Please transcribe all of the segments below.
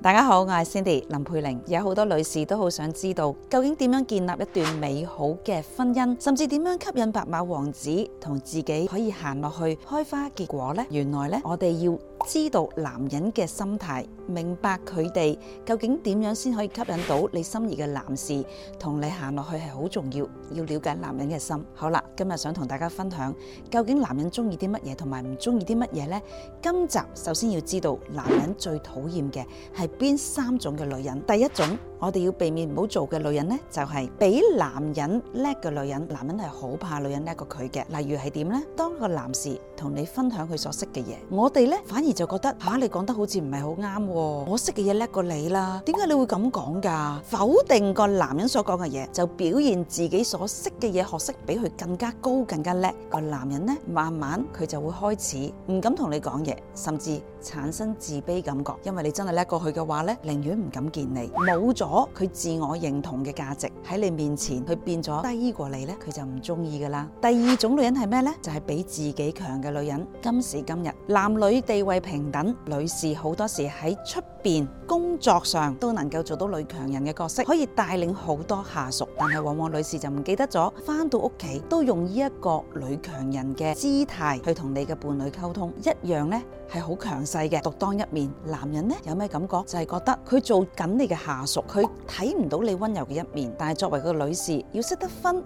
大家好，我係 Cindy 林佩玲，有好多女士都好想知道究竟點樣建立一段美好嘅婚姻，甚至點樣吸引白馬王子同自己可以行落去開花結果呢？原來呢，我哋要，知道男人嘅心態，明白佢哋究竟點樣先可以吸引到你心儀嘅男士，同你行落去係好重要。要了解男人嘅心。好啦，今日想同大家分享，究竟男人中意啲乜嘢，同埋唔中意啲乜嘢呢？今集首先要知道，男人最討厭嘅係邊三種嘅女人。第一種。我哋要避免唔好做嘅女人呢，就係、是、俾男人叻嘅女人，男人係好怕女人叻過佢嘅。例如係點呢？當個男士同你分享佢所識嘅嘢，我哋呢反而就覺得吓、啊、你講得好似唔係好啱，我識嘅嘢叻過你啦，點解你會咁講噶？否定個男人所講嘅嘢，就表現自己所識嘅嘢，學識比佢更加高、更加叻。個男人呢，慢慢佢就會開始唔敢同你講嘢，甚至產生自卑感覺。因為你真係叻過佢嘅話呢，寧願唔敢見你，冇做咗佢自我認同嘅價值喺你面前，佢變咗低過你咧，佢就唔中意噶啦。第二種女人係咩咧？就係、是、比自己強嘅女人。今時今日，男女地位平等，女士好多時喺出。變工作上都能夠做到女強人嘅角色，可以帶領好多下屬，但係往往女士就唔記得咗，翻到屋企都用呢一個女強人嘅姿態去同你嘅伴侶溝通，一樣咧係好強勢嘅，獨當一面。男人咧有咩感覺，就係覺得佢做緊你嘅下屬，佢睇唔到你溫柔嘅一面。但係作為個女士，要識得分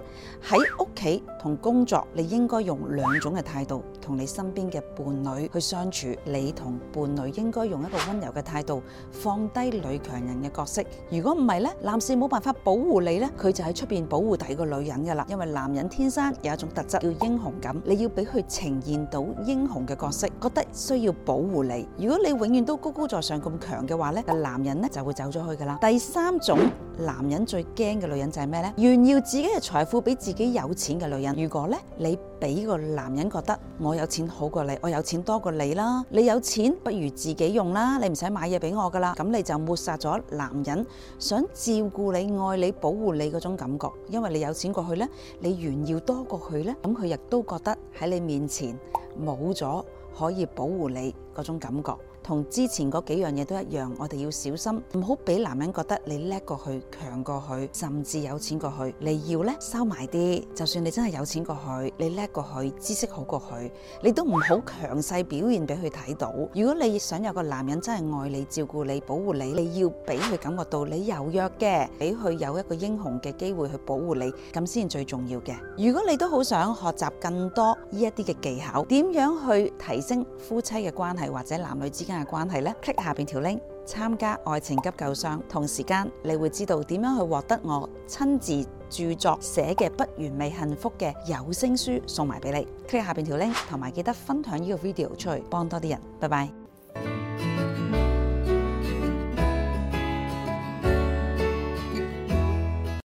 喺屋企同工作，你應該用兩種嘅態度同你身邊嘅伴侶去相處。你同伴侶應該用一個溫柔嘅態度。放低女強人嘅角色，如果唔係呢，男士冇辦法保護你呢，佢就喺出邊保護第二個女人噶啦。因為男人天生有一種特質叫英雄感，你要俾佢呈現到英雄嘅角色，覺得需要保護你。如果你永遠都高高在上咁強嘅話呢個男人呢就會走咗去噶啦。第三種男人最驚嘅女人就係咩呢？炫耀自己嘅財富俾自己有錢嘅女人。如果呢，你俾個男人覺得我有錢好過你，我有錢多過你啦，你有錢不如自己用啦，你唔使買嘢俾我噶啦，咁你就抹殺咗男人想照顧你、愛你、保護你嗰種感覺，因為你有錢過去呢，你炫耀多過佢呢，咁佢亦都覺得喺你面前冇咗可以保護你嗰種感覺。同之前嗰幾樣嘢都一樣，我哋要小心，唔好俾男人覺得你叻過佢，強過佢，甚至有錢過佢。你要咧收埋啲，就算你真係有錢過佢，你叻過佢，知識好過佢，你都唔好強勢表現俾佢睇到。如果你想有個男人真係愛你、照顧你、保護你，你要俾佢感覺到你柔弱嘅，俾佢有一個英雄嘅機會去保護你，咁先最重要嘅。如果你都好想學習更多呢一啲嘅技巧，點樣去提升夫妻嘅關係或者男女之間。關係呢 c l i c k 下邊條 link 參加愛情急救箱，同時間你會知道點樣去獲得我親自著作寫嘅不完美幸福嘅有聲書送埋俾你。click 下邊條 link，同埋記得分享呢個 video 出去幫多啲人。拜拜。